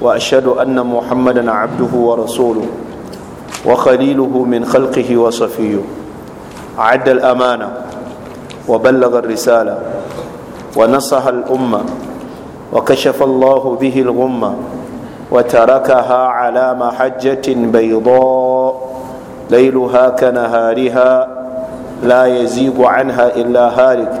واشهد ان محمدا عبده ورسوله وخليله من خلقه وصفيه عد الامانه وبلغ الرساله ونصح الامه وكشف الله به الغمه وتركها على محجه بيضاء ليلها كنهارها لا يزيغ عنها الا هالك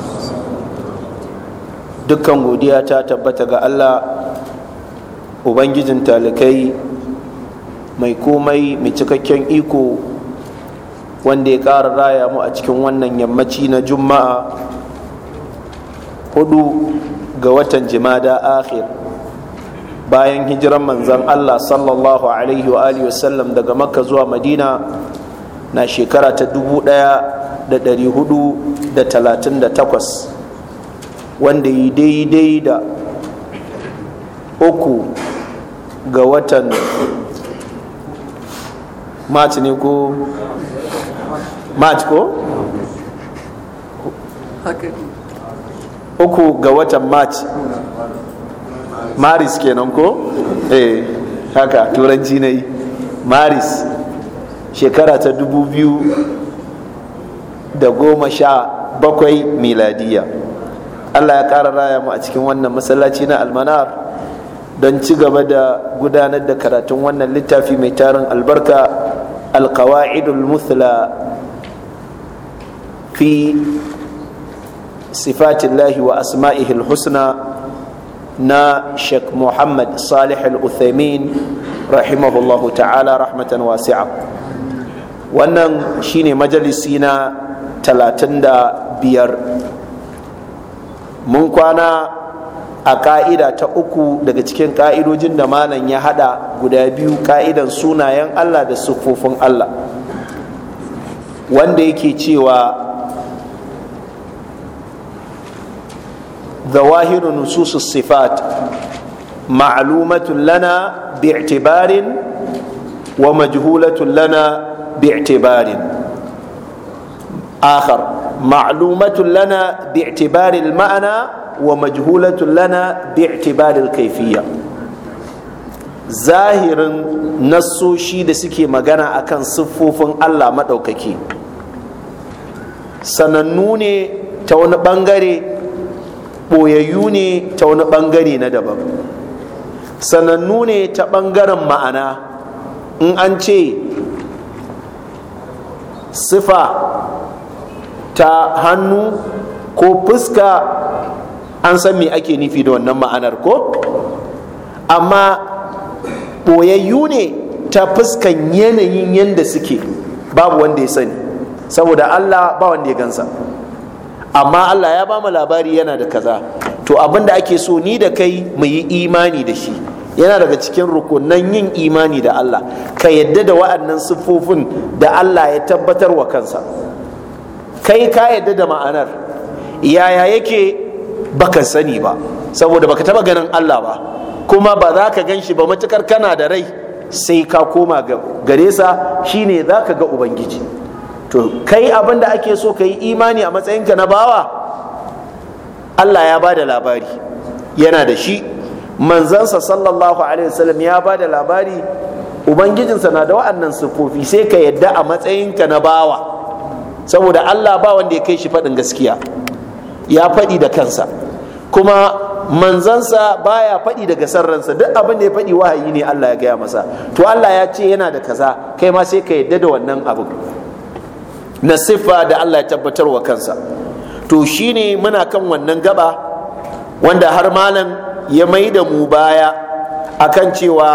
dukkan godiya ta tabbata ga Allah ubangijin talikai mai komai mai cikakken iko wanda ya ƙara raya mu a cikin wannan yammaci na juma'a hudu ga watan jimada akhir bayan hijiran manzan Allah sallallahu alaihi wa sallam daga makka zuwa madina na shekara ta dubu ɗaya da da da ɗari talatin takwas. wanda yi daidai da uku ga watan march ne ko march ko uku ga watan march maris kenan ko eh haka turanci na maris shekara ta dubu biyu da goma sha bakwai miladiya Allah ya ƙara raya mu a cikin wannan masallaci na almanar don ci gaba da gudanar da karatun wannan littafi mai tarin albarka alkawa'idul muthla fi sifatillahi wa asma'ihil husna na sheikh muhammad salih al-uthaymin rahimahullahu ta'ala rahmatan wasi'a wannan shine majalisi na talatin da biyar mun kwana a ka'ida ta uku daga cikin ka'idojin da malam ya hada guda biyu ka'idan sunayen allah da siffofin allah wanda yake cewa zawahiru nususu sifat ma'alumatun lana bi'tibarin wa majhulatun lana bi'tibarin آخر lana لنا ma'ana wa ومجهولة lana باعتبار الكيفية zahirin nassoshi da suke magana akan siffofin Allah maɗaukaki sanannu ne ta wani ɓangare ɓoyayyu ne ta wani ɓangare na daban sanannu ne ta ɓangaren ma'ana in an ce sifa ta hannu ko fuska an san me ake nufi da wannan ma'anar ko amma ɓoyayyu ne ta fuskan yanayin yadda suke babu wanda ya sani saboda allah ba wanda ya gansa amma allah ya ba mu labari yana da kaza to abin da ake so ni da kai mu yi imani da shi yana daga cikin rukunan yin imani da allah ka yadda da wa'annan siffofin da allah ya tabbatar wa kansa kai ka yadda da ma'anar yaya yake baka sani ba saboda baka taba ganin Allah ba kuma ba za ka gan shi ba matukar kana da rai sai ka koma gare sa shine za ka ga ubangiji to kai abin da ake so ka yi imani a matsayinka na bawa Allah ya ba da labari yana da shi manzansa sallallahu alaihi wasallam ya ba da labari ubangijinsa na da wa'annan sifofi sai ka yadda a matsayinka na bawa saboda Allah ba wanda ya kai shi faɗin gaskiya ya faɗi da kansa kuma manzansa baya faɗi daga sarransa duk abin da ya faɗi wahayi ne Allah ya gaya masa to Allah ya ce yana da kaza kai ma sai ka yadda da wannan abu na siffa da Allah ya tabbatar wa kansa to shine muna kan wannan gaba wanda har malam ya mai da mu baya akan cewa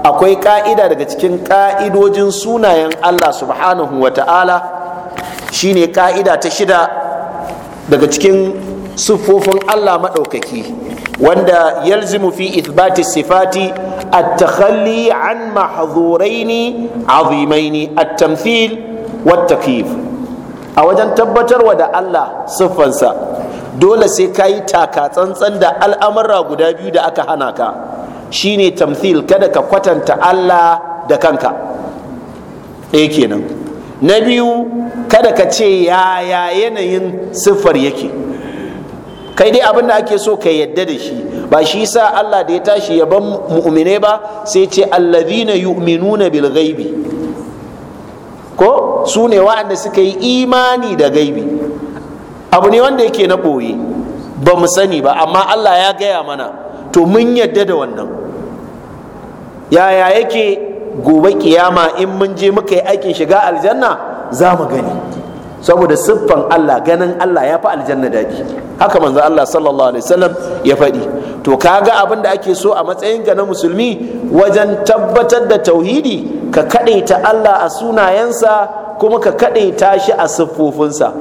akwai ka'ida daga cikin ka'idojin sunayen Allah subhanahu wa ta'ala shine ka'ida ta shida daga cikin siffofin Allah maɗaukaki wanda yalzimu fi ithbati sifati at-takhalli an mahdhuraini azimaini at-tamthil wat-takyif a wajen tabbatarwa da Allah siffansa dole sai ka yi taka tsantsan da al'amurra guda biyu da aka hana ka shine tamthil kada ka kwatanta Allah da kanka ɗaya kenan na biyu kada ka ce yaya yanayin siffar yake kai dai abin da ake so ka yadda da shi ba shi sa Allah da ya tashi ya yaban mu'mine ba sai ce allazina yu'minuna bil ghaibi ko su ne wa'anda suka yi imani da gaibi abu ne wanda yake na ɓoye ba mu sani ba amma Allah ya gaya mana to mun yadda da wannan yaya yake gobe kiyama in mun je muka yi aikin shiga aljanna za mu gani saboda siffan Allah ganin Allah ya fi aljanna daɗi haka manzo Allah sallallahu alaihi wasallam ya faɗi to kaga abin da ake so a matsayin ga na musulmi wajen tabbatar da tauhidi ka kaɗaita Allah a sunayensa kuma ka kaɗaita shi a siffofinsa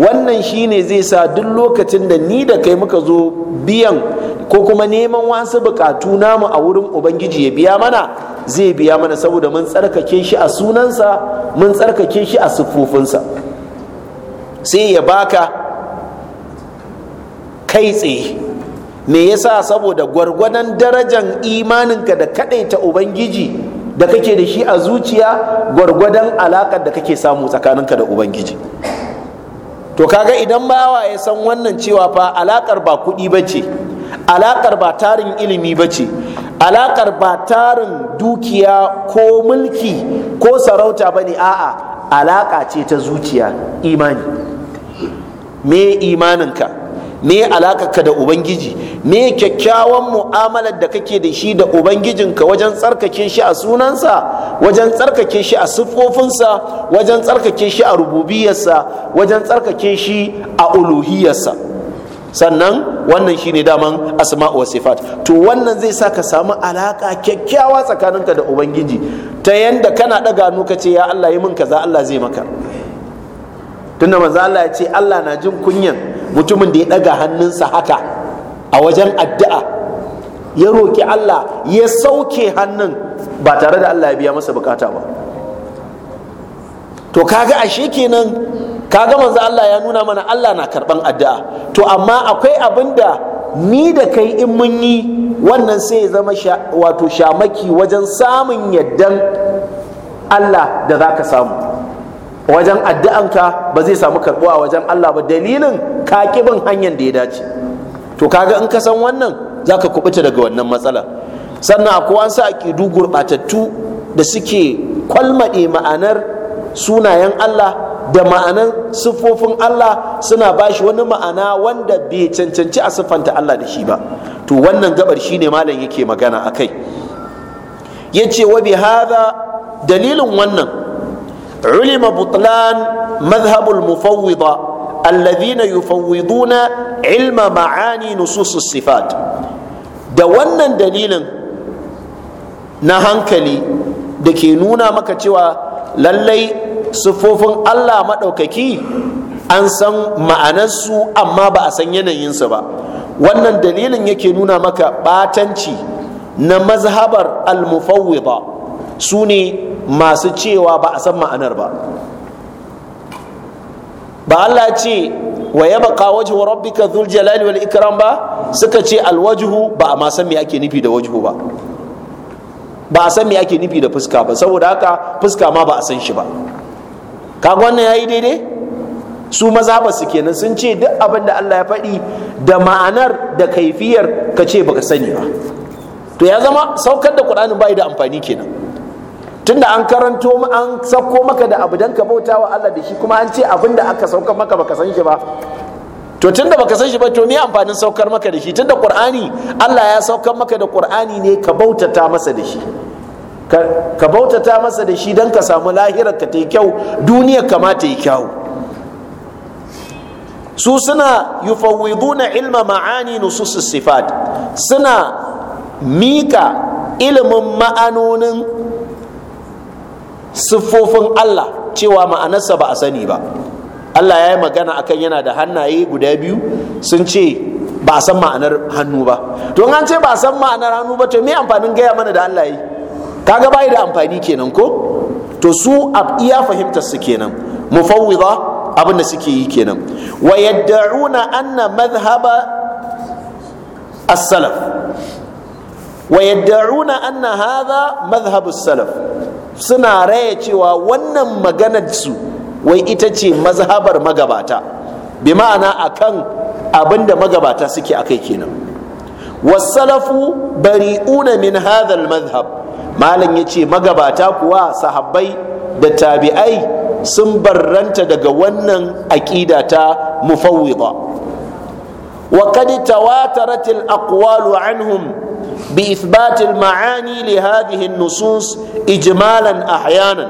wannan shine zai sa duk lokacin da ni da kai muka zo biyan ko kuma neman wasu bukatu namu a wurin ubangiji ya biya mana zai biya mana saboda mun tsarkake shi a sunansa mun tsarkake shi a siffofinsa sai ya baka kai tsaye me yasa saboda gwargwadon darajan imaninka da ta ubangiji da kake da shi a zuciya gwargwadon alakar da kake samu tsakaninka da ubangiji to kaga idan bawa ya san wannan cewa fa alakar ba kuɗi bace ce alakar ba tarin ilimi bace. alaƙar ba tarin dukiya ko mulki ko sarauta ba ne a'a alaƙa ce ta zuciya imani me imaninka me ka da ubangiji me kyakkyawan mu'amalar da kake da shi da ubangijinka wajen tsarkake shi a sunansa wajen tsarkake shi a siffofinsa wajen tsarkake shi a rububiyarsa wajen tsarkake shi a uluhiyarsa sannan wannan shine daman asma'u to wannan zai sa ka samu alaka kyakkyawa tsakaninka da ubangiji ta yanda kana daga nu ka ce ya Allah yi min kaza Allah zai maka tunda manzo Allah ya ce Allah na jin kunyan mutumin da ya daga hannunsa haka a wajen addu'a ya roki Allah ya sauke hannun ba tare da Allah ya biya masa bukata ba to kaga ashe kenan kaga manzo Allah ya nuna mana Allah na karban addu'a to amma akwai abin da ni da kai in mun yi wannan sai ya zama wato shamaki wajen samun yaddan Allah da ka samu wajen addu'anka ba zai samu karbuwa a wajen Allah ba dalilin ka bin hanyar da ya dace to kaga in ka san wannan zaka kubuta daga wannan matsala sannan akwai wasu aƙidu gurɓatattu da suke kwalmaɗe ma'anar sunayen Allah da ma'anan siffofin Allah suna bashi wani ma'ana wanda bai cancanci a siffanta Allah da shi ba to wannan gabar ne malam yake magana a kai ya ce wa bi hada dalilin wannan ulima butlan mazhabul mufawwida alladhina yufawwiduna ilma ma'ani nususus sifat da wannan dalilin na hankali da ke nuna maka cewa lallai siffofin Allah maɗaukaki an san ma'anarsu amma ba a san yanayinsu ba wannan dalilin yake nuna maka ɓatanci na mazhabar ba su ne masu cewa ba a san ma'anar ba ba Allah ce wa ya baka wa rabbika dhul jalali wal ikram ba suka ce alwajuhu ba a ma san me ake nufi da wajhu ba ba a san me ake nufi da fuska ba saboda haka fuska ma ba a san shi ba kaga wannan yayi daidai su maza ba su kenan sun ce duk abin da Allah ya faɗi da ma'anar da kaifiyar ka ce baka sani ba to ya zama saukar da Qur'ani bai da amfani kenan tunda an karanto an sauko maka da abu dan ka bauta wa Allah da shi kuma an ce abin da aka saukar maka baka san shi ba to tunda baka san shi ba to me amfanin saukar maka da shi tunda Qur'ani Allah ya saukar maka da Qur'ani ne ka bautata masa da shi ka bautata masa da shi don ka samu lahirar ka ta yi kyau duniya kama ta yi kyau su suna na ilma ma'ani nusus sifat suna mika ilimin ma'anonin siffofin Allah cewa ma'anarsa ba a sani ba Allah ya yi magana akan yana da hannaye guda biyu sun ce ba a san ma'anar hannu ba to an ce ba a san ma'anar hannu ba to me amfanin gaya mana da Allah yi kaga bai da amfani kenan ko to su a iya fahimtar su kenan mufawwida abin da suke yi kenan wa yad'una anna madhhaba as-salaf wa yad'una anna hadha madhhab as-salaf suna raya cewa wannan maganar su wai ita ce mazhabar magabata bi ma'ana akan abin da magabata suke akai kenan wasalafu bari'una min hadha al-madhhab malam ya ce magabata kuwa sahabbai da tabi'ai sun barranta daga wannan aƙida ta mufawwida wa qad tawatarat al anhum bi ithbat al ma'ani li hadhihi nusus ijmalan ahyanan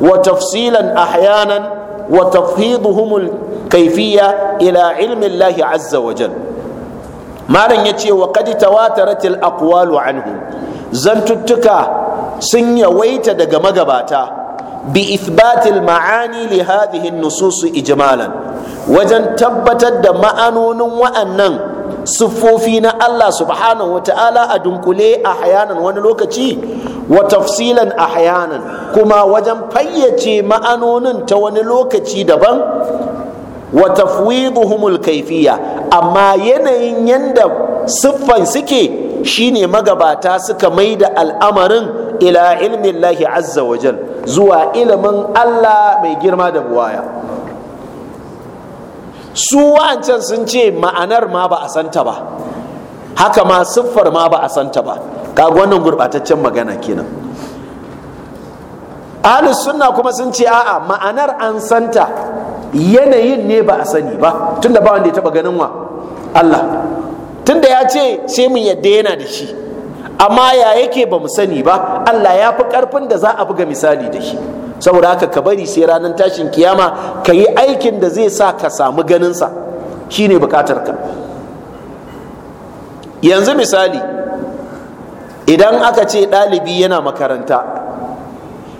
wa tafsilan ahyanan wa tafhiduhum al kayfiyya ila ilmi Allah azza wa jalla malam yace wa qad tawatarat al anhum zantuttuka sun yawaita daga magabata bi ithbatil ma'ani li hadhihi nusus ijmalan wajen tabbatar da ma'anonin wa'annan siffofi na Allah subhanahu wa ta'ala a dunkule a hayanan wani lokaci wa tafsilan a hayanan kuma wajen fayyace ma'anonin ta wani lokaci daban wa humul kaifiya amma yanayin yanda siffan suke shine magabata suka mai da al'amarin ila ilmin lahi azza jal zuwa ilimin allah mai girma da buwaya su wancan sun ce ma'anar ma ba a santa ba haka ma siffar ma ba a santa ba kaga wannan gurɓataccen magana kenan ahli sunna kuma sun ce a'a ma'anar an santa yanayin ne ba a sani ba tunda ba wanda ya taɓa ganin wa Allah tunda ya ce sai mun yadda yana da shi amma ya yake ba mu sani ba Allah ya fi karfin da za a buga misali da shi saboda haka ka bari sai ranar tashin kiyama ka yi aikin da zai sa ka samu ganinsa shine bukatar ka yanzu misali idan aka ce ɗalibi yana makaranta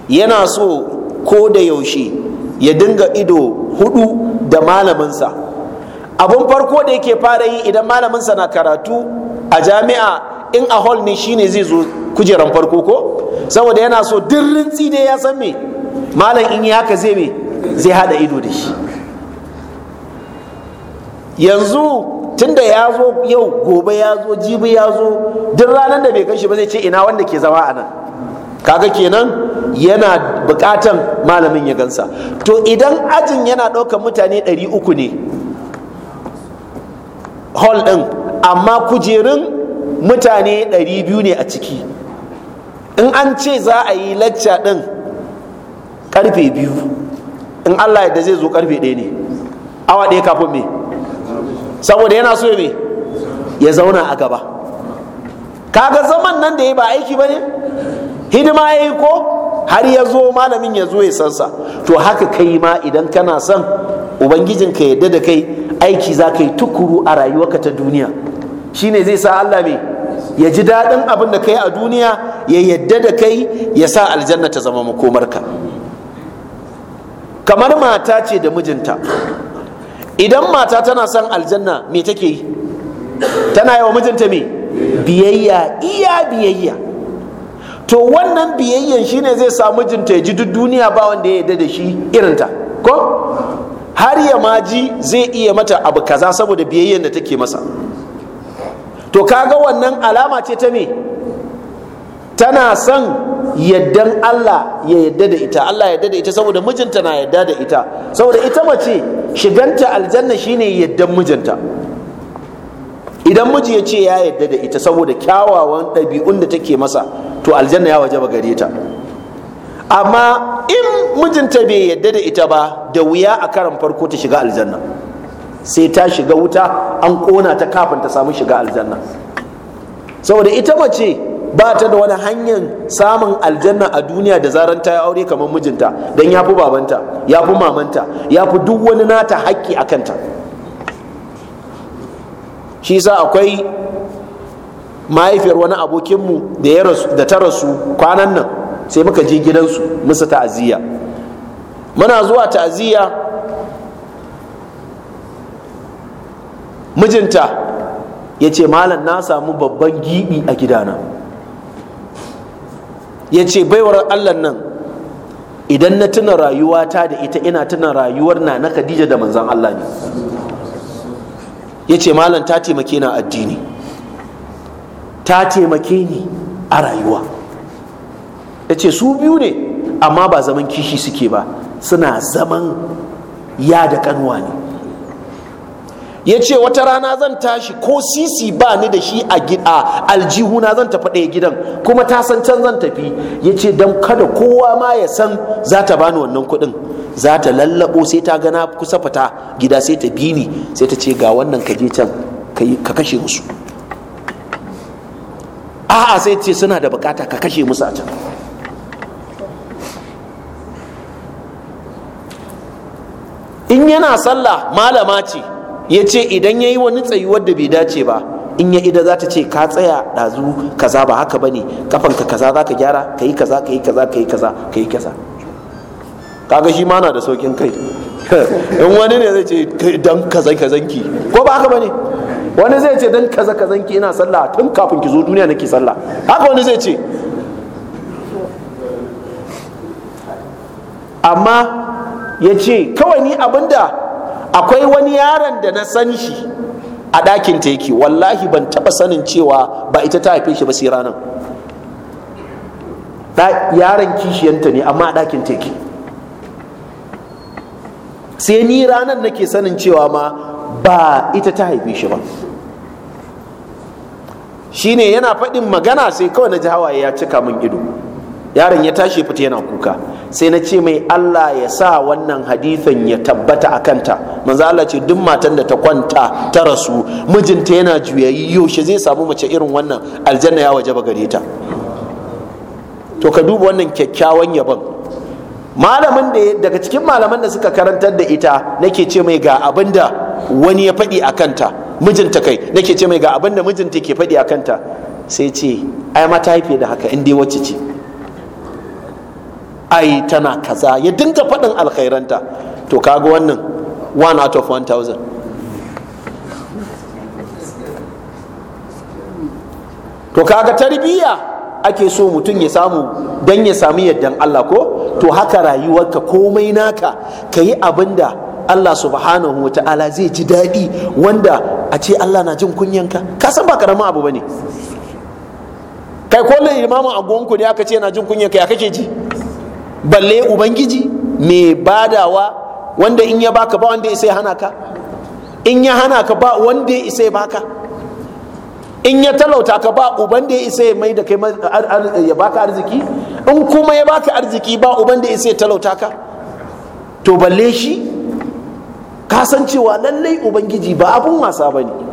yana so ko da yaushe ya dinga ido hudu da malaminsa abun farko da yake fara yi idan malamin sa na karatu a jami'a in a hall ne shine zai zo kujeran farko ko saboda yana so dirrin da ya san me malam in yi haka zai me zai hada ido da shi yanzu tunda ya zo yau gobe ya zo jibi ya zo duk ranar da bai kashi ba zai ce ina wanda ke zama a nan kaga kenan yana bukatan malamin ya gansa to idan ajin yana ɗaukar mutane ɗari uku ne hall ɗin amma kujerun mutane 200 ne a ciki in an ce za a yi lacca ɗin karfe biyu in allah yadda zai zo karfe ɗaya ne awa ɗaya kafin me saboda yana so ne ya zauna a gaba kaga zaman nan da ya ba aiki ba ne hidima ya yi ko har ya zo malamin ya zo ya sansa to haka kai ma idan kana son ubangijinka ya da kai aiki za ka yi tukuru a rayuwarka ta duniya shine zai sa Allah me ya ji daɗin abin da kai a duniya ya yadda da kai ya sa aljanna ta zama makomarka kamar mata ce da mijinta idan mata tana son aljanna me take yi tana yawa mijinta me biyayya iya biyayya to wannan biyayyan ne zai sa mijinta ya ji duk duniya ba wanda ya yadda da shi irinta har ya ma ji zai iya mata abu kaza saboda biyayyen da take masa to kaga wannan alama ce ta me tana son yaddan Allah ya yadda da ita Allah ya yadda da ita saboda mijinta na yadda da ita saboda ita mace shiganta aljanna shine yaddan mijinta idan miji ya ce ya yadda da ita saboda kyawawan ɗabi'un da take masa to aljanna ya waje ba gare ta amma in mijinta bai yadda da ita ba da wuya a karan farko ta shiga aljanna sai ta shiga wuta an kona ta kafin ta samu shiga aljanna saboda ita mace ba ta da wani hanyar samun aljanna a duniya da zaran ta aure kamar mijinta don ya fi babanta ya fi mamanta ya fi duk wani nata haƙƙi a kanta shi sa akwai mahaifiyar wani abokinmu da ta rasu kwanan nan sai muka je gidansu musu ta'aziyya muna zuwa ta'aziyya mijinta ya ce malam na samu babban gibi a gidana ya ce baiwar allah nan idan na tuna rayuwata da ita ina tuna rayuwar na na khadija da manzan allah ne ya ce malam ta taimake na addini ta taimake ni a rayuwa ya ce su biyu ne amma ba zaman kishi suke ba suna zaman ya da kanuwa ne ya ce wata rana zan tashi ko sisi ba ni da shi a aljihuna zan tafi ɗaya gidan kuma ta san can zan tafi ya ce don kada kowa ma ya san za ta bani wannan kuɗin za ta lallabo sai ta gana kusa fita gida sai ta bini sai ta ce ga wannan ka je can ka kashe musu a'a sai ce suna da bukata ka kashe musu a can in yana sallah malama ce ya ce idan ya yi wani tsayuwar da bai dace ba in ya ida za ta ce ka tsaya ɗazu kaza ba haka ba ne kafanka kaza za ka gyara ka yi kaza ka yi kaza ka yi kaza ka yi kaza kaga shi ma na da saukin kai in wani ne zai ce dan kaza kazanki ko ba haka ba ne wani zai ce dan kaza kazanki ina sallah tun kafin ki zo duniya nake sallah haka wani zai ce amma ya ce kawai ni abinda akwai wani yaron da na san shi a ɗakin ta wallahi ban taɓa sanin cewa ba ita ta haife shi ba sai ranar yaron kishiyanta ne amma a ɗakin ta sai ni ranar nake sanin cewa ma ba ita ta haife shi ba shine yana faɗin magana sai kawai na ji hawaye ya cika min ido yaron ya tashi fita yana kuka sai na ce mai Allah ya sa wannan hadithin ya tabbata a kanta manzo Allah ce duk matan da ta kwanta ta rasu mijinta yana juyayi yaushe zai samu mace irin wannan aljanna ya waje gare ta to ka duba wannan kyakkyawan yabon malamin da daga cikin malaman da suka karantar da ita nake ce mai ga abinda wani ya faɗi a kanta mijinta kai nake ce mai ga abin mijinta ke faɗi a kanta sai ce ai mata haife da haka in dai wacce ce ai tana kaza ya dinga faɗin alkhairanta to kaga wannan one out of 1000 to kaga tarbiyya ake so mutum ya samu don ya sami yaddan Allah ko to haka rayuwarka komai naka ka yi abin da Allah subhanahu wa ta'ala zai ji daɗi wanda a ce Allah na jin kunyanka ka san ba karamin abu ba ne kai kullum imamin agonku ne aka ce na jin kunyanka ya kake ji balle ubangiji mai badawa wanda in ya baka ba wanda ya sai hana ka in ya hana ka ba wanda ya isa ya baka in ya talauta ka ba uban da ya isa ya mai da kai ya baka arziki in kuma ya baka arziki ba uban da ya isa ya talauta ka to balle shi kasancewa lallai ubangiji ba abun wasa ba ne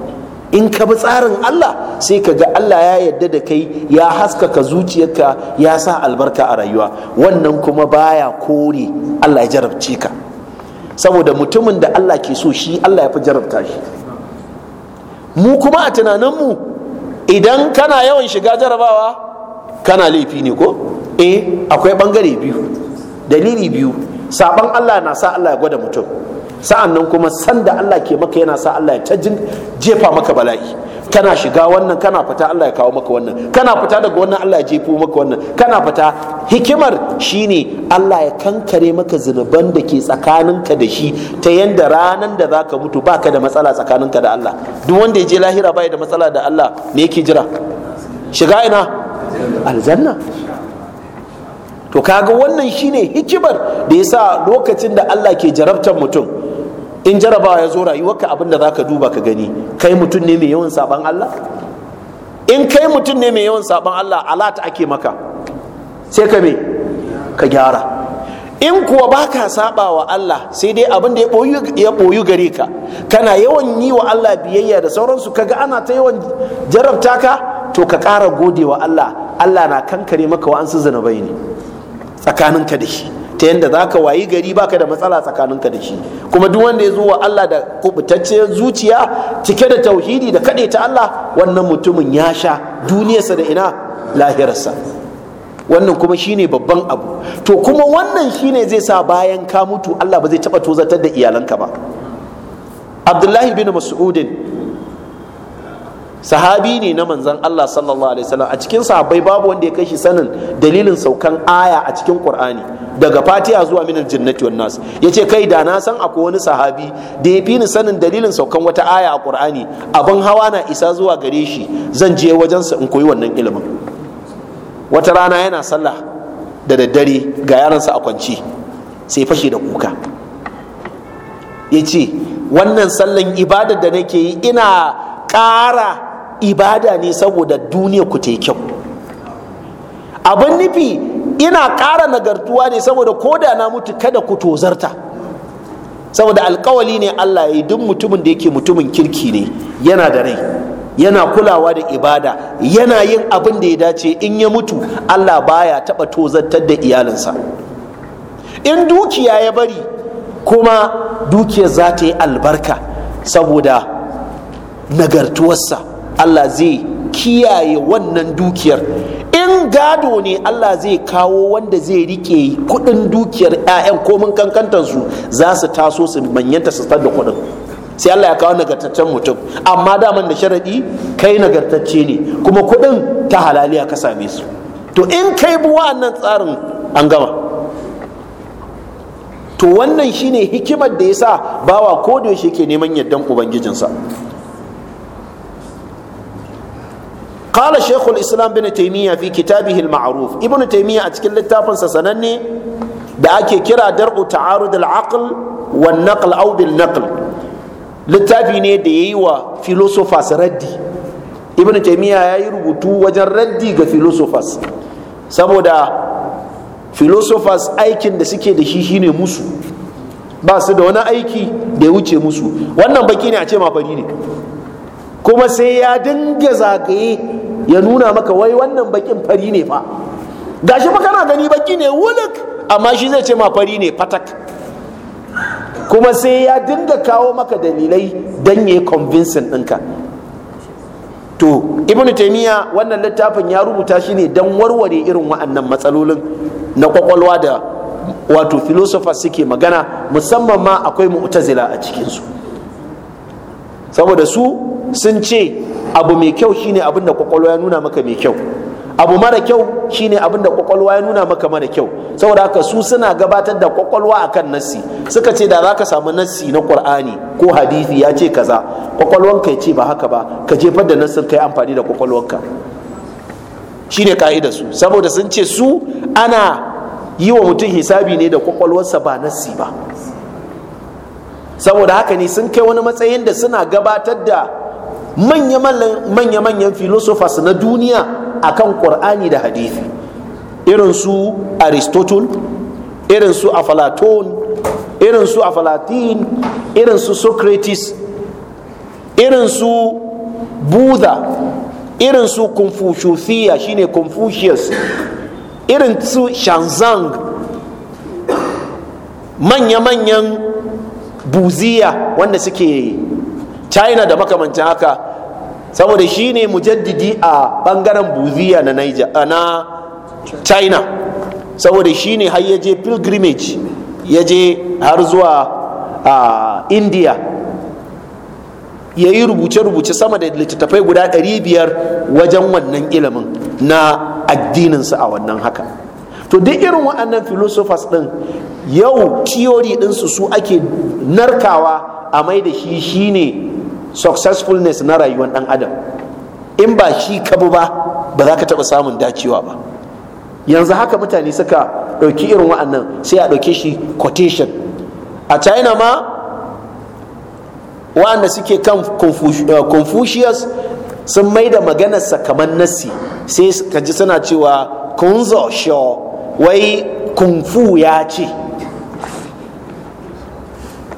in ka bi tsarin Allah sai ka ga Allah ya yadda da kai ya haskaka zuciyarka ya sa albarka a rayuwa wannan kuma baya kore Allah ya jarabce ka saboda mutumin da Allah ke so shi Allah ya fi jarabta shi mu kuma a tunaninmu idan kana yawan shiga jarabawa kana laifi ne ko eh akwai bangare biyu dalili biyu saban Allah na sa Allah ya gwada mutum sa'an nan kuma sanda Allah ke maka yana sa Allah ya ta jefa maka bala'i kana shiga wannan kana fita Allah ya kawo maka wannan kana fita daga wannan Allah ya jefo maka wannan kana fita hikimar shine Allah ya kankare maka zunuban da ke tsakaninka da shi ta yanda ranar da zaka mutu baka da matsala tsakaninka da Allah duk wanda ya je lahira bai da matsala da Allah me yake jira shiga ina aljanna to kaga wannan shine hikimar da yasa lokacin da Allah ke jarabtar mutum in jarabawa ya zo rayuwarka abin da za ka duba ka gani kai mutum ne mai yawan saban Allah in kai mutum ne mai yawan saban Allah alata ake maka sai ka me ka gyara in kuwa baka saba wa Allah sai dai abin da ya boyu gare ka kana yawan yi wa Allah biyayya da sauransu kaga ana ta yawan jarabta ka to ka kara gode wa Allah Allah na kankare maka wa'ansu zanabai ne tsakaninka da shi ta yadda za ka wayi gari baka da matsala tsakaninka da shi kuma duk wanda ya zo wa Allah da kubutacciyar zuciya cike da tauhidi da kaɗe ta Allah wannan mutumin ya sha duniyarsa da ina lahirarsa wannan kuma shine babban abu to kuma wannan shine zai sa bayan ka mutu Allah ba zai taɓa tozatar da iyalanka ba Abdullahi bin Mas'udin sahabi ne na manzan Allah sallallahu alaihi wasallam a cikin sahabbai babu wanda ya kai shi sanin dalilin saukan aya a cikin Qur'ani daga Fatiha zuwa minal jannati wan nas yace kai da na san akwai wani sahabi da ya fi ni sanin dalilin saukan wata aya a Qur'ani abin hawa na isa zuwa gare shi zan je wajen sa in koyi wannan ilimin wata rana yana sallah da daddare ga yaransa a kwance sai fashe da kuka yace wannan sallan ibadar da nake yi ina ƙara ibada ne saboda duniya ku ta kyau abin nufi ina ƙara nagartuwa ne saboda ko da na mutu kada ku tozarta saboda alkawali ne allah ya yi duk mutumin da yake mutumin kirki ne yana da rai yana kulawa da ibada yana yin abin da ya dace in ya mutu allah baya taɓa tozartar da iyalinsa in dukiya ya bari kuma dukiyar za ta yi albarka saboda nagartuwarsa Allah zai kiyaye wannan dukiyar in gado ne Allah zai kawo wanda zai rike kudin dukiyar 'ya'yan komin kankantansu za su taso su manyanta su da kudin sai Allah ya kawo nagartaccen mutum amma daman da sharaɗi kai nagartacce ne kuma kudin ta halaliya ka same su to in kai bi wa'annan tsarin an gama to wannan shine hikimar da ya yasa bawa ko da yake neman yardan ubangijinsa qala shaykhul islam bin taymiya fi kitabihi al-ma'ruf a cikin littafin sa sananne da ake kira dar'u ta'arud al-aql wan naql aw bil naql littafi ne da yayi wa philosophers raddi ibn taymiya yayi rubutu wajen raddi ga philosophers saboda philosophers aikin da suke da shi shine musu ba su da wani aiki da ya wuce musu wannan baki ne a ce bari ne kuma sai ya dinga zagaye ya nuna maka wai wannan bakin fari ne fa gashi fa kana gani baki ne wuluk amma shi zai ce ma fari ne fatak kuma sai ya dinga kawo maka dalilai don ya yi convincing ɗinka to ibnu taimiyya wannan littafin ya rubuta shi ne don warware irin wa'annan matsalolin na kwakwalwa da wato philosophers suke magana musamman ma akwai mu'tazila a cikinsu saboda su sun ce abu mai kyau shine abin da kwakwalwa ya nuna maka mai kyau abu mara kyau shine abin da kwakwalwa ya nuna maka mara kyau saboda haka su suna gabatar da kwakwalwa akan nassi suka ce da zaka samu nassi na qur'ani ko hadisi ya ce kaza kwakwalwanka ya ce ba haka ba ka jefar da nassin kai amfani da ka shine ka'idar su saboda sun ce su ana yi wa mutum hisabi ne da kwakwalwarsa ba nassi ba saboda haka ne sun kai wani matsayin da suna gabatar da manya-manyan filosofas na duniya akan qur'ani da hadithi irin su aristotle irin su aflaton irin su socrates irin su buddha irin su shine confucius irin su shanzang manya-manyan buziya wanda suke china da makamancin haka saboda shi ne mujaddidi a bangaren buziya na china saboda shi ne har ya je pilgrimage ya je har zuwa india ya yi rubuce-rubuce sama da littattafai guda 500 wajen wannan ilimin na addininsa a wannan haka to duk irin waɗannan philosophers ɗin yau theory ɗinsu su ake narkawa a mai da shi shine successfulness na rayuwar dan adam in ba shi kabu ba ba za ka taɓa samun dacewa ba yanzu haka mutane suka ɗauki irin wa'annan sai a ɗauke shi quotation a china ma wa'anda suke kan eh, confucius sun mai da maganarsa kamar nassi sai ka ji suna cewa kunzo sho wai kung ya ce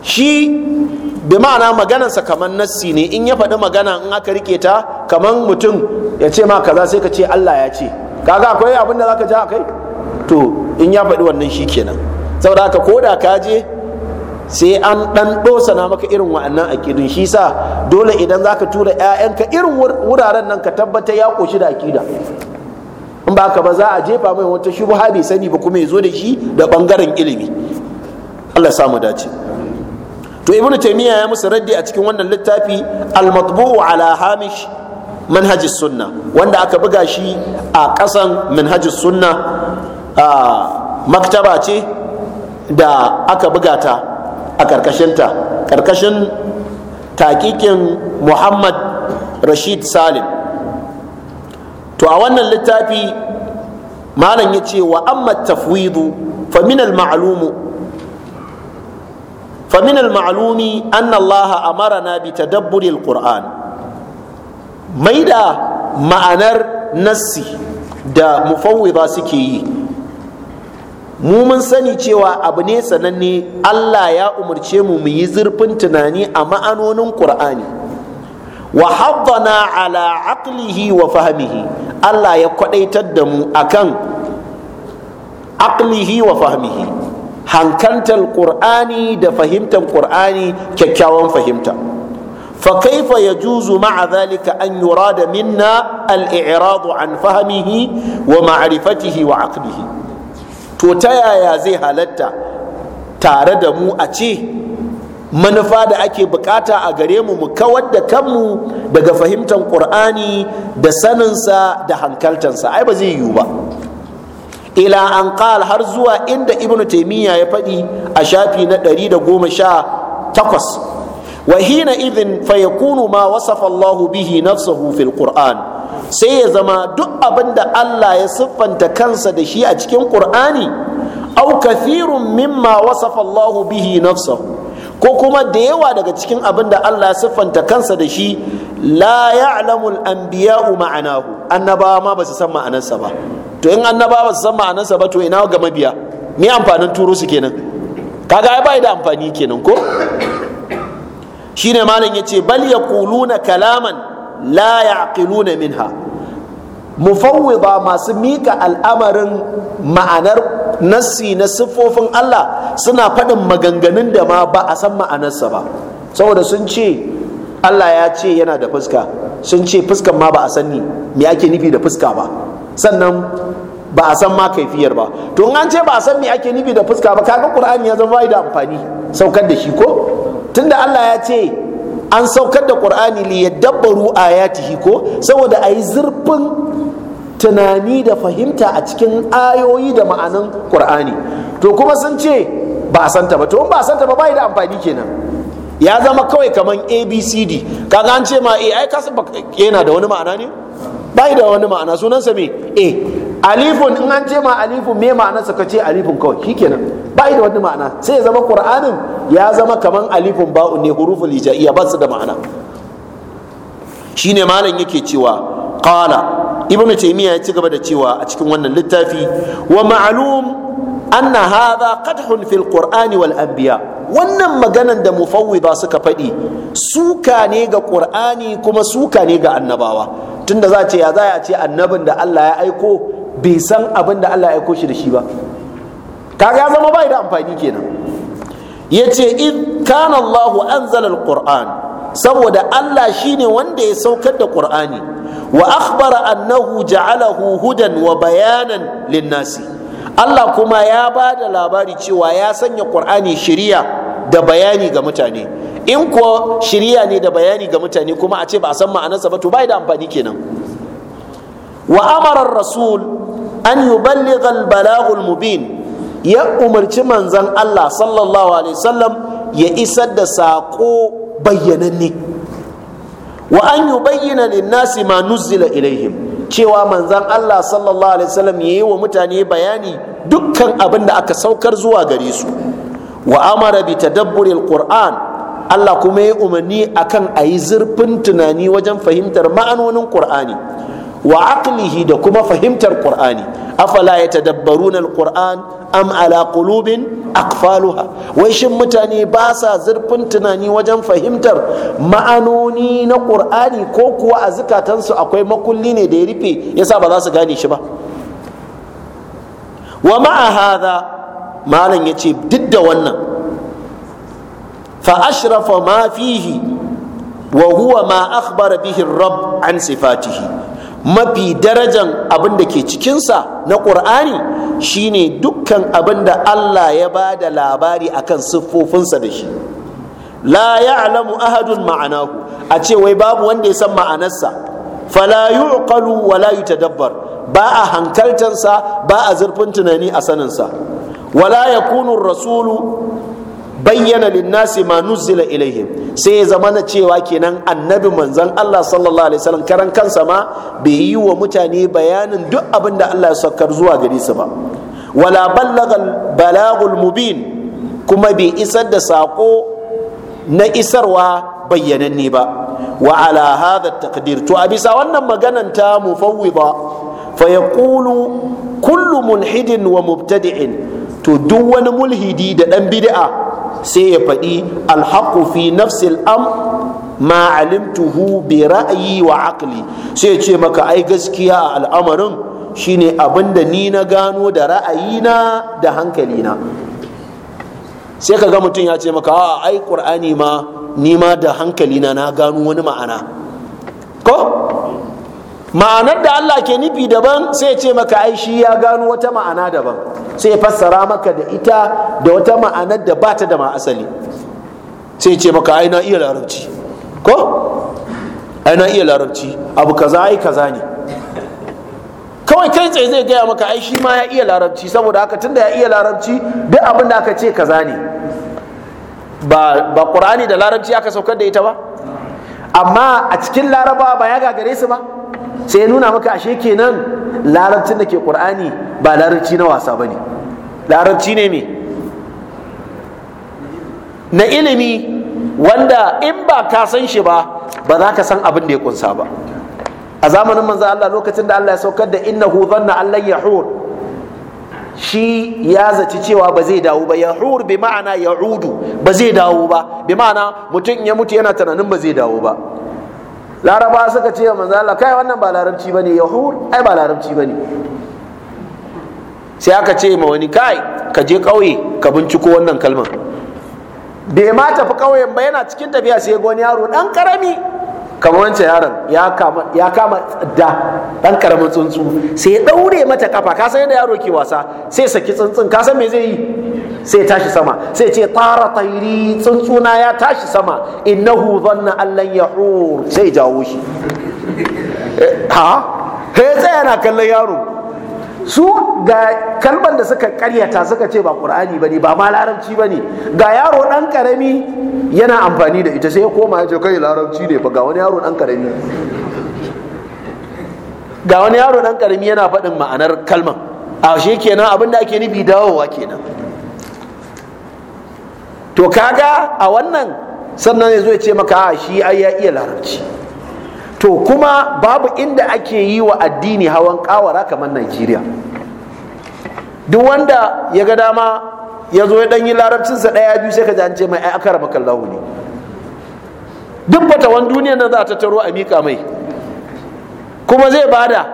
shi bi ma'ana maganarsa kamar nassi ne in ya faɗi magana in aka rike ta kamar mutum ya ce ma kaza sai ka ce Allah ya ce kaga akwai abin da zaka ja akai to in ya faɗi wannan shikenan saboda haka koda ka je sai an dan na maka irin wa'annan aqidun shi sa dole idan zaka tura 'ya'yanka irin wuraren nan ka tabbata ya koshi da akida in ba ka ba za a jefa mai wata shubha bai sani ba kuma ya zo da shi da bangaren ilimi Allah samu dace to ibn taymiya ya musu raddi a cikin wannan littafi al-matbu'u ala hamish manhajis sunna wanda aka buga shi a ƙasan manhajis sunna a maktaba ce da aka buga ta a ƙarƙashinta ƙarƙashin taƙiƙin muhammad rashid salim to a wannan littafi malam ya ce wa amma tafwidu fa min al-ma'lumu فمن المعلوم أن الله أمرنا بتدبر القرآن ميدا ma'anar nassi da mufawwida suke yi mu mun sani cewa abu ne sananne Allah ya umarce mu mu yi zurfin tunani a ma'anonin Qur'ani wa haddana ala aqlihi wa fahmihi Allah ya kwadaitar da mu akan aqlihi wa fahmihi hankantar qur'ani da fahimtar qur'ani kyakkyawan fahimta fa kaifa yajuzu ma'a zalika an yurada minna al-i'rad an fahmihi wa ma'rifatihi wa aqlihi to ta yaya zai halarta tare da mu a ce manufa da ake bukata a gare mu mu kawar da kanmu daga fahimtar qur'ani da saninsa da hankaltansa A'a ba zai yiwu ba ila an qala har zuwa inda ibnu taymiya ya faɗi a shafi na 118 wa hina idhin fa yakunu ma wasafa Allahu bihi nafsuhu fil qur'an sai ya zama duk abinda Allah ya siffanta kansa da shi a cikin qur'ani au kathirun mimma wasafa Allahu bihi nafsuhu ko kuma da yawa daga cikin abinda Allah ya siffanta kansa da shi la ya'lamul anbiya'u ma'anahu annabawa ma ba su san ma'anarsa ba to in annaba ba su san ma'anansa ba to ina ga mabiya me amfanin turo su kenan kaga ai bai da amfani kenan ko shine malam yace bal yaquluna kalaman la yaqiluna minha mufawwida masu mika al'amarin ma'anar nassi na siffofin Allah suna faɗin maganganun da ma ba a san ma'anarsa ba saboda sun ce Allah ya ce yana da fuska sun ce fuskan ma ba a sani me ake nufi da fuska ba sannan ba a san ma kaifiyar ba to in an ce ba a san me ake nufi da fuska ba kaga qur'ani ya zama bai da amfani saukar da shi ko tunda Allah ya ce an saukar da qur'ani li yadabbaru ayatihi ko saboda ayi zurfin tunani da fahimta a cikin ayoyi da ma'anan qur'ani to kuma sun ce ba a santa ba to in ba a santa ba bai da amfani kenan ya zama kawai kaman abcd kaga an ce ma eh ai kasu yana da wani ma'ana ne bai da wani ma'ana sunansa me eh alifun in an ce ma alifun me ma'anarsa ka ce alifun kawai shikenan bai da wani ma'ana sai ya zama qur'anin ya zama kaman alifun ba'u ne huruful hijaiya ba su da ma'ana shine malam yake cewa qala ibnu taymiya ya ci gaba da cewa a cikin wannan littafi wa ma'lum anna hadha qadhun fil qur'ani wal anbiya wannan maganan da mufawwida suka faɗi suka ne ga qur'ani kuma suka ne ga annabawa tunda za ce ya za ce annabin da Allah ya aiko bai san abin da Allah ya aiko shi da shi ba kaga ya zama bai da amfani kenan yace id kana Allah anzala qur'an saboda Allah shine wanda ya saukar da qur'ani wa akhbara annahu ja'alahu hudan wa bayanan linnasi Allah kuma ya ba da labari cewa ya sanya qur'ani shiriya da bayani ga mutane in kuwa shiriya ne da bayani ga mutane kuma a ce ba a san ma'anarsa ba to bai da amfani kenan wa amara rasul an yi al-balagh mubin ya umarci manzon Allah sallallahu alaihi wasallam ya isar da saƙo bayyananne wa an yubayyana bayyana nasi ma nuzila ilaihim cewa manzan Allah sallallahu alaihi wasallam ya yi wa mutane bayani dukkan abin da aka saukar zuwa gare su wa amara bi tadabburi alquran Allah kuma ya umarni akan a yi zurfin tunani wajen fahimtar ma'anonin qur'ani wa aqlihi da kuma fahimtar qur'ani afala yatadabbaruna alquran am ala qulubin aqfaluha wai shin mutane ba sa zurfin tunani wajen fahimtar ma'anoni na qur'ani ko kuwa a zukatansu akwai makulli ne da ya rufe yasa ba za su gane shi ba wa ma'a hadha malam ya ce duk da wannan fa ma fihi wa huwa ma akhbara bihi rab an sifatihi mafi darajan abin da ke cikinsa na ƙur'ani shine dukkan abin da Allah ya ba da labari akan siffofinsa da shi la ya'lamu ahadun ma'anahu a ce wai babu wanda ya san ma'anarsa fala yuqalu wa la yutadabbar ba a hankaltansa ba a zurfin tunani a saninsa wala yakunu rasulu bayyana linnasi ma nuzila ilaihim sai ya zama na cewa kenan annabi manzon Allah sallallahu alaihi wasallam karan kansa ma bai yi wa mutane bayanin duk abin da Allah ya zuwa gare su ba wala ballagal balagul mubin kuma bai isar da saƙo na isarwa bayyananne ba wa ala hadha taqdir to a bisa wannan maganan ta mufawwida fa yaqulu kullu mulhidin wa mubtadi'in to duk wani mulhidi da ɗan bid'a sai ya faɗi alhaƙu fi nafsil am ma alimtuhu bi ra'ayi wa aqli sai ce maka ai gaskiya a al'amarin shine abinda ni na gano da ra'ayina da hankalina sai ka ga mutum ya ce maka a ai qur'ani ma ni ma da hankalina na gano wani ma'ana ma'anar da Allah ke nufi daban sai ce maka ai shi ya gano wata ma'ana daban sai ya fassara maka da ita da wata ma'anar da ba ta da asali sai ce maka ai na iya larabci ko ai na iya larabci abu kaza ai kaza ne kawai kai tsaye zai gaya maka ai shi ma ya iya larabci saboda haka tunda ya iya larabci duk abin da aka ce kaza ne ba ba qur'ani da larabci aka saukar da ita ba amma a cikin laraba ba ya gagare su ba sai ya nuna maka ashe kenan larabcin da ke ƙur'ani ba larabci na wasa bane larabci ne me na ilimi wanda in ba ka san shi ba ba za ka san abin da ya kunsa ba a zamanin manzo Allah lokacin da Allah ya saukar da innahu dhanna na Allah yahur shi ya zaci cewa ba zai dawo ba yahur bi ma'ana ya'udu ba zai dawo ba bi ma'ana mutum ya mutu yana tunanin ba zai dawo ba laraba suka ce manzo Allah kai wannan ba larabci bane yahur ai ba larabci bane sai aka ce ma wani kai ka je ƙauye ka binciko wannan kalmar bai ma tafi ƙauyen ba yana cikin tafiya sai ga wani yaro dan karami kamar wancan yaron ya kama da dan karamin tsuntsu sai ya daure mata kafa kasan yadda yaro ke wasa sai saki tsuntsun ka san me zai yi sai tashi sama sai ce tara tairi tsuntsuna ya tashi sama innahu dhanna allan yahur sai jawo shi eh, ha sai tsaya kallon yaro su ga kalmar da suka karyata suka ce ba qur'ani bane ba ma larabci bane ga yaro dan karami yana amfani da ita sai ya koma ya ce kai larabci ne fa ga wani yaro dan karami ga wani yaro dan karami yana faɗin ma'anar kalmar. a shi kenan abin da ake nufi dawowa kenan to kaga a wannan sannan ya zo ya ce maka a shi ai ya iya larabci to kuma babu inda ake yi wa addini hawan kawara kamar Najeriya duk wanda ya ga dama ya zo ya dan yi larabcinsa ɗaya biyu sai ka ji an ce mai ai aka rama kallahu ne duk fatawan duniya nan za ta taro a mika mai kuma zai bada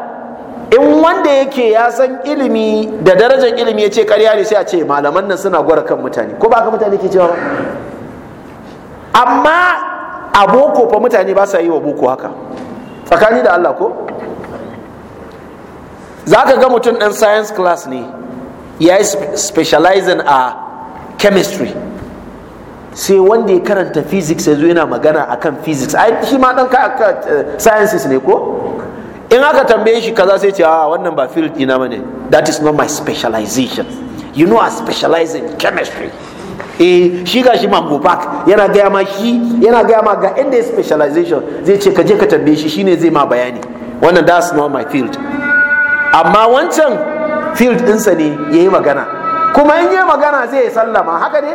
in wanda yake ya san ilimi da darajar ilimi ya ce karya ne sai a ce malaman nan suna gwara kan mutane ko ba ka mutane ke cewa ba amma a boko fa mutane ba sa yi wa boko haka tsakani da Allah ko za ka ga mutum ɗan science class ne ya yi specializing a chemistry sai wanda ya karanta physics ya zo yana magana akan physics ai shi ma ɗan ka sciences ne ko in aka tambaye shi kaza sai ce a ah, wannan ba field ina bane that is not my specialization you know i specialize in chemistry eh shi ga shi mambo park yana gaya ma shi yana gaya ma ga inda ya specialization zai ce ka je ka tambaye shi shine zai ma bayani wannan that's not my field amma wancan field ɗinsa ne ya yi magana kuma in yi magana zai sallama haka ne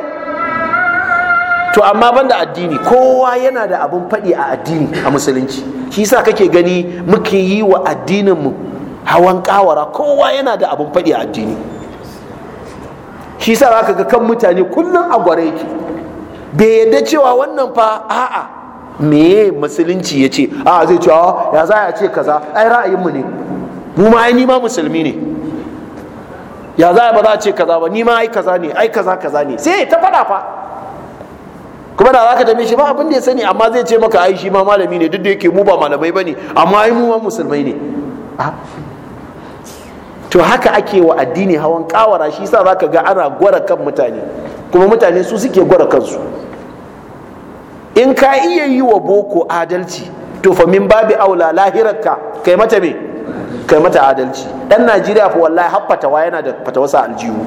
to amma banda addini kowa yana da abun faɗi a addini a musulunci shi sa kake gani muke yi wa addinin mu hawan kawara kowa yana da abun faɗi a addini shi sa za ka ga kan mutane kullum a gware ki bai yadda cewa wannan fa a'a Me musulunci ya ce a zai ce ya za a ce kaza ai ra'ayinmu ne mu ma ai nima musulmi ne ya za ba za a ce kaza ba nima ai kaza ne ai kaza kaza ne sai ta faɗa fa kuma da zaka dame shi ba abin da ya sani amma zai ce maka ai shi ma malami ne duk da yake mu ba malamai bane amma ai mu ma musulmai ne to haka ake wa addini hawan kawara shi sa za ka ga ana gwara kan mutane kuma mutane su suke gwara kansu in ka iya yi wa boko adalci to fa min babi aula lahirarka kai mata me kai mata adalci dan najeriya fa wallahi tawa yana da fatawasa aljihu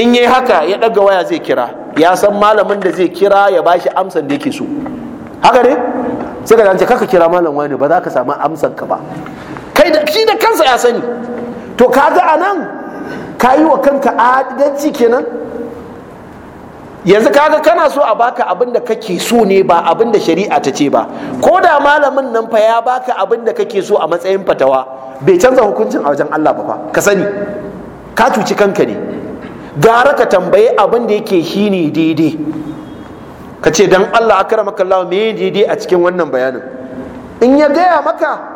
in yi haka ya ɗaga waya zai kira ya san malamin da zai kira ya bashi amsan da yake so haka ne sai ka kaka kira malam wani ba za ka samu amsan ka ba kai da shi da kansa ya sani to kaga a nan ka yi wa kanka adalci kenan yanzu kaga kana so a baka abin da kake so ne ba abin da shari'a ta ce ba ko da malamin nan fa ya baka abin da kake so a matsayin fatawa bai canza hukuncin a wajen Allah ba fa ka sani ka cuci kanka ne gara ka tambaye abin da yake shi ne daidai ka ce dan Allah akramaka Allah me daidai a cikin wannan bayanin in ya gaya maka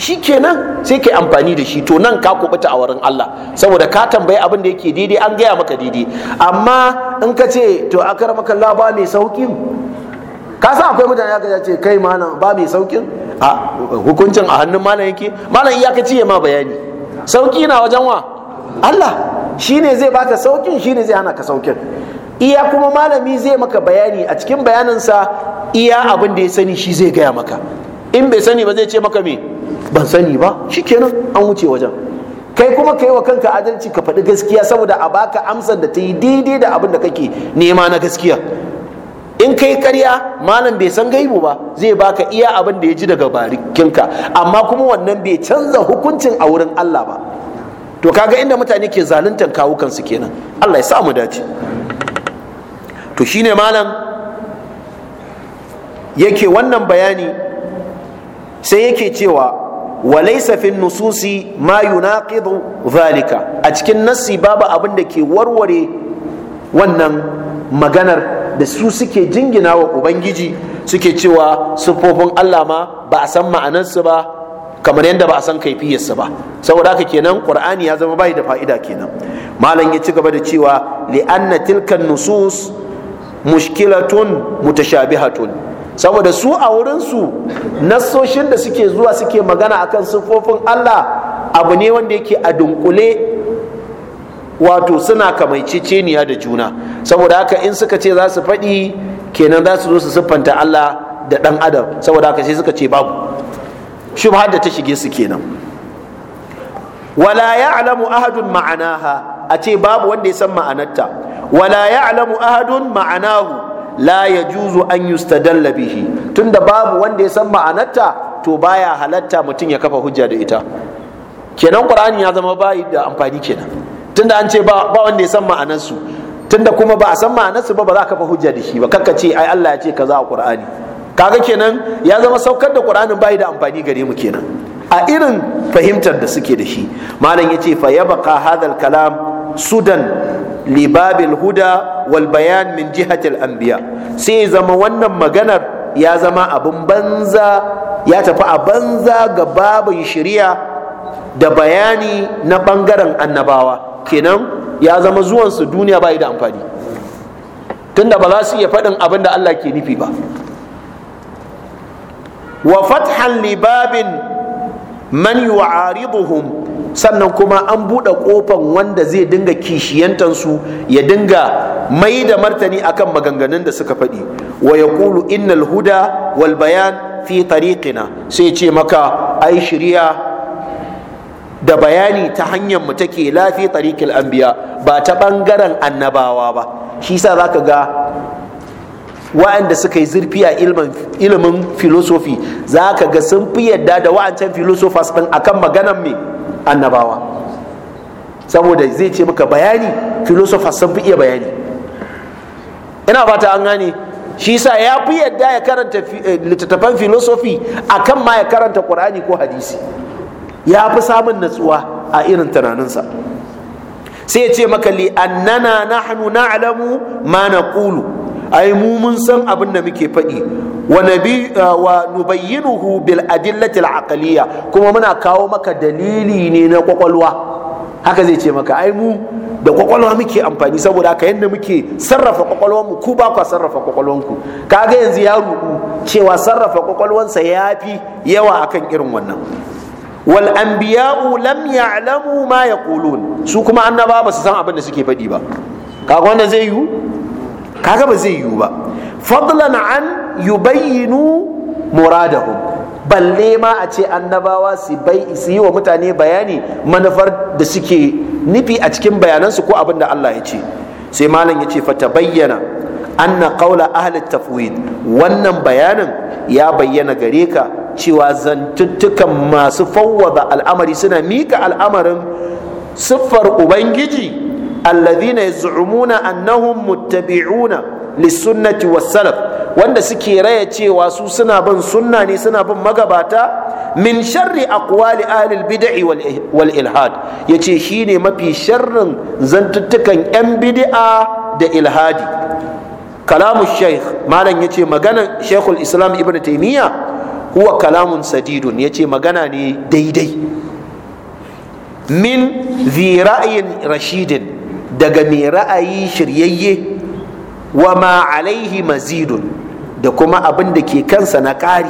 shi kenan sai ka amfani da shi to nan ka kubuta a wurin Allah saboda ka tambayi abin da yake daidai an gaya maka daidai amma in ka ce to akar maka Allah ba mai saukin ka san akwai mutane aka ce kai malam ba mai saukin a hukuncin a hannun malam yake malam iyakaci ya ma bayani sauki na wajen wa Allah shine zai baka saukin shine zai hana ka saukin iya kuma malami zai maka bayani a cikin bayaninsa iya abin da ya sani shi zai gaya maka in bai sani ba zai ce maka me ban sani ba shikenan an wuce wajen kai kuma kai wa kanka adalci ka faɗi gaskiya saboda a baka amsar da ta yi daidai da abin da kake nema na gaskiya in kai karya malam bai san gaibu ba zai baka iya abin da ya ji daga barikinka amma kuma wannan bai canza hukuncin a wurin Allah ba to kaga inda mutane ke zaluntan kawukansu kenan Allah ya sa mu dace to shine malam yake wannan bayani sai yake cewa wa laysa fi nususi ma yunaqidu zalika a cikin nassi babu abin da ke warware wannan maganar da su suke jingina wa ubangiji suke cewa siffofin Allah ma ba a san ma'anarsu ba kamar yadda ba a san kaifiyarsu ba saboda haka kenan qur'ani ya zama bai da fa'ida kenan malam ya ci gaba da cewa li'anna tilkan nusus mushkilatun mutashabihatun saboda su a wurinsu nassoshin da suke zuwa suke magana a kan siffofin Allah abu ne wanda yake a dunkule wato suna kamaiceceniya da juna saboda haka in suka ce za su faɗi kenan za su zo su siffanta Allah da ɗan adam saboda haka sai suka ce babu shubha da ta shige su kenan wala ya'lamu ahadun ma'anaha a ce babu wanda ya san ma'anarta wala ya'lamu ahadun ma'anahu la ya juzu an yustadalla bihi tunda babu wanda ya san ma'anarta to baya halatta mutum ya kafa hujja da ita kenan qur'ani ya zama bayi da amfani kenan tunda an ce ba wanda ya san ma'anarsu tunda kuma ba a san ma'anarsu ba ba za ka kafa hujja da shi ba kakka ce ai Allah ya ce kaza a qur'ani kaga kenan ya zama saukar da qur'anin bayi da amfani gare mu kenan a irin fahimtar da suke da shi malam ya ce fa yabqa hadha kalam sudan libabil huda wal bayan min jihatil anbiya sai zama wannan maganar ya zama abin banza ya tafi a banza ga babin shari'a da bayani na ɓangaren annabawa kenan ya zama zuwansu duniya ba da amfani tunda ba za su iya faɗin abin da Allah ke nufi ba wa fathan libabin man yu'ariduhum sannan kuma an buɗe ƙofan wanda zai dinga kishiyantansu ya dinga mai da martani akan maganganun da suka faɗi wa ya ƙulu innal huda wal bayan fi tariqina sai ce maka ai shirya da bayani ta hanyar mu take lafi tariqil anbiya ba ta bangaren annabawa ba shi sa zaka ga wa'anda suka yi zurfi a ilimin filosofi za ka ga sun fi yadda da wa'ancan filosofas ɗin akan maganan mai annabawa saboda zai ce maka bayani filosofas sun fi iya bayani ina fata an gane shi sa ya fi yadda ya karanta eh, littattafan filosofi akan ma ya karanta qur'ani ko hadisi ya fi samun natsuwa a irin tunaninsa sai ya ce maka li annana na alamu ma naqulu ai mu mun san abin da muke faɗi wa nabi ah, wa nubayyinuhu bil adillati al kuma muna kawo maka dalili ne na kwakwalwa haka zai ce maka ai mu da kwakwalwa muke amfani saboda haka yadda muke sarrafa mu ku ba ku sarrafa ku kaga yanzu ya rubu cewa sarrafa kwakwalwan sa yafi yawa akan irin wannan wal anbiya'u lam ya'lamu ma yaqulun su kuma annaba ba su san abin da suke faɗi ba kaga wannan zai yiwu kaga ba zai yiwu ba fadlan an yubayyinu muradahum balle ma a ce annabawa su yi wa mutane bayani manufar da suke nufi a cikin bayanansu ko abin da Allah ya ce sai malam ya ce fata bayyana anna qaula ahli tafwid wannan bayanin ya bayyana gare ka cewa zantuttukan masu fawwada al'amari suna mika al'amarin siffar ubangiji alladhina yaz'umuna annahum muttabi'una lis-sunnati was-salaf wanda suke raya cewa su suna bin sunna ne suna bin magabata min sharri aqwali ahlul bidi wal ilhad yace shine mafi sharrin zantuttukan yan bid'a da ilhadi kalamu shaykh malam yace maganan shaykhul islam ibnu taymiya huwa kalamun sadidun yace magana ne daidai min zi ra'ayin rashidin daga mai ra'ayi shiryayye wa ma alaihi mazidun da kuma abin da ke kansa na ƙari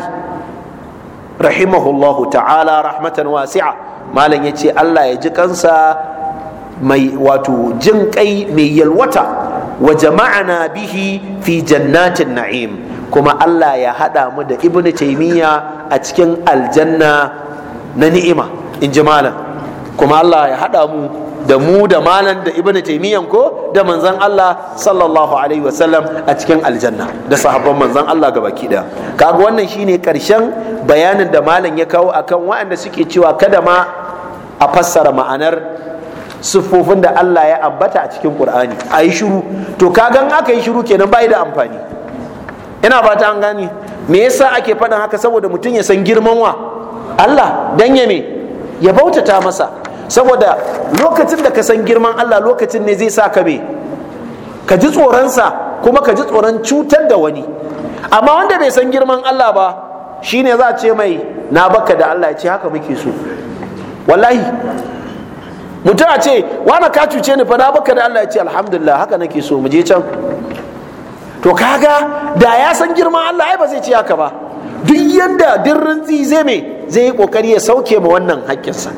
rahimahullahu ta'ala rahmatan wasi'a malam ya ce allah ya ji kansa mai wato jin kai mai yalwata wa jama'ana bihi fi jannatin na'im kuma allah ya haɗa mu da ibnu taimiyya a cikin aljanna na ni'ima in ji malam kuma allah ya haɗa mu da mu da malan da ibn taymiyan ko da manzon Allah sallallahu alaihi wasallam a cikin aljanna da sahabban manzon Allah ga baki daya kaga wannan shine karshen bayanin da malam ya kawo akan waɗanda suke cewa kada ma a fassara ma'anar siffofin da Allah ya ambata a cikin Qur'ani a yi shiru to kagan aka yi shiru kenan bai da amfani ina ba an gani. me yasa ake faɗin haka saboda mutum ya san girman wa Allah dan ya me ya bautata masa saboda lokacin da ka san girman Allah lokacin ne zai sa ka be ka ji tsoronsa kuma ka ji tsoron cutar da wani amma wanda bai san girman Allah ba shine za a ce mai na baka da Allah ya ce haka muke so wallahi mutum a ce wani ka cuce ni fa na baka da Allah ya ce alhamdulillah haka nake so mu je can to kaga da ya san girman Allah ai ba zai ce haka ba duk yadda dirrin zai me zai yi kokari ya sauke ma wannan haƙƙinsa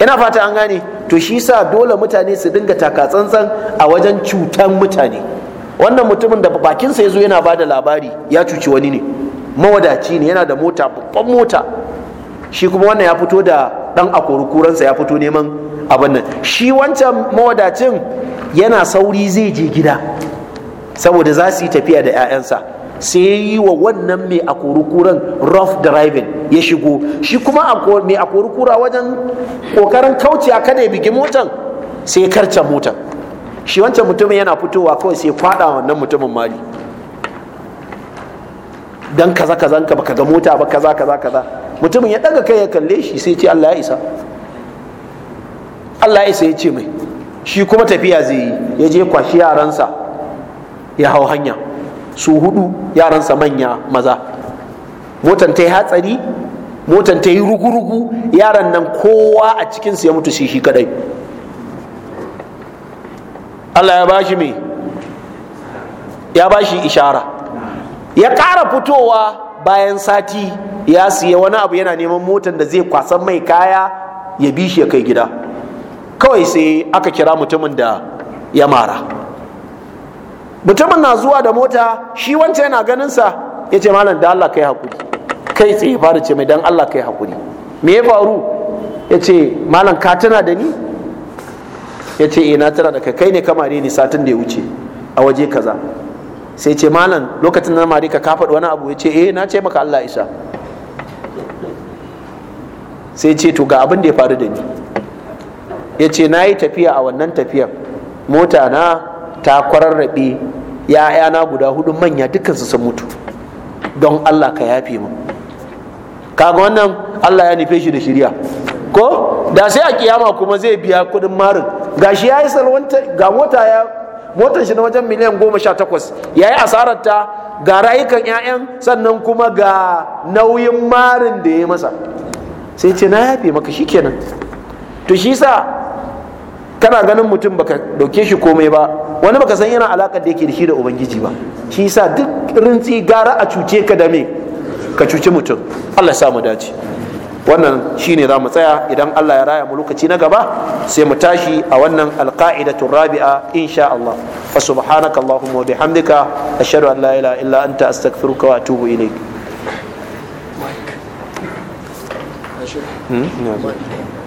ina fata an gane to shi sa dole mutane su dinga taka tsantsan a wajen cutan mutane wannan mutumin da bakinsa ya zo yana ba da labari ya cuci wani ne mawadaci ne yana da mota babban mota shi kuma wannan ya fito da dan akorukuransa ya fito neman abin nan shi wancan mawadacin yana sauri zai je gida saboda za su yi tafiya da 'ya'yansa sai ya yi wa wannan mai akorukuran rough driving ya shigo shi kuma mai a kura wajen kokarin a kada ya bigi motan sai ya karce motan shi wancan mutumin yana fitowa kawai sai kwada wannan mutumin mali dan kaza kaza ka baka ga mota ba kaza kaza kaza mutumin ya daga kai ya kalle shi sai ce Allah ya isa Allah ya isa ya ce mai shi kuma tafiya zai yi ya je kwashi yaransa ya hau hanya su hudu yaransa manya maza motan ta yi hatsari motan ta yi rugu-rugu yaran nan kowa a cikinsu ya mutu shi shi kadai allah ya bashi me ya bashi ishara ya ƙara fitowa bayan sati ya siya wani abu yana neman motan da zai kwasan mai kaya ya bi shi ya kai gida kawai sai aka kira mutumin da ya mara mutumin na zuwa da mota shi wancan yana ganinsa ya ce malam da allah kai hakuri kai tsaye fara ce mai dan Allah kai hakuri me ya faru ya ce malam ka tana da ni ya ce ina eh, tana da kai kai ne kamar ni satin da ya wuce a waje kaza sai ce malam lokacin na mari ka kafa wani abu ya ce eh na ce maka Allah isa sai ce to ga abin da ya faru da ni ya ce na yi tafiya a wannan tafiyar mota na ta kwararrabe ya'yana guda hudu manya dukansu sun mutu don Allah ka yafe mu kaga wannan Allah ya nufe shi da shirya ko da sai a kiyama kuma zai biya kudin marin gashi ya yi salwanta ga mota ya motar shi na wajen miliyan goma sha takwas ya yi asarar ta ga rayukan 'ya'yan sannan kuma ga nauyin marin da ya masa sai ce na yafe maka shi kenan to shi sa kana ganin mutum baka dauke shi komai ba wani baka san yana alakar da yake da shi da ubangiji ba shi sa duk rintsi gara a cuce ka da me ka cuci mutum Allah ya sa mu dace wannan shine za mu tsaya idan Allah ya raya mu lokaci na gaba sai mu tashi a wannan alqa'idatur rabi'a insha Allah fa subhanaka allahumma wa bihamdika ashhadu an la ilaha illa anta astaghfiruka wa atubu ilayk Hmm?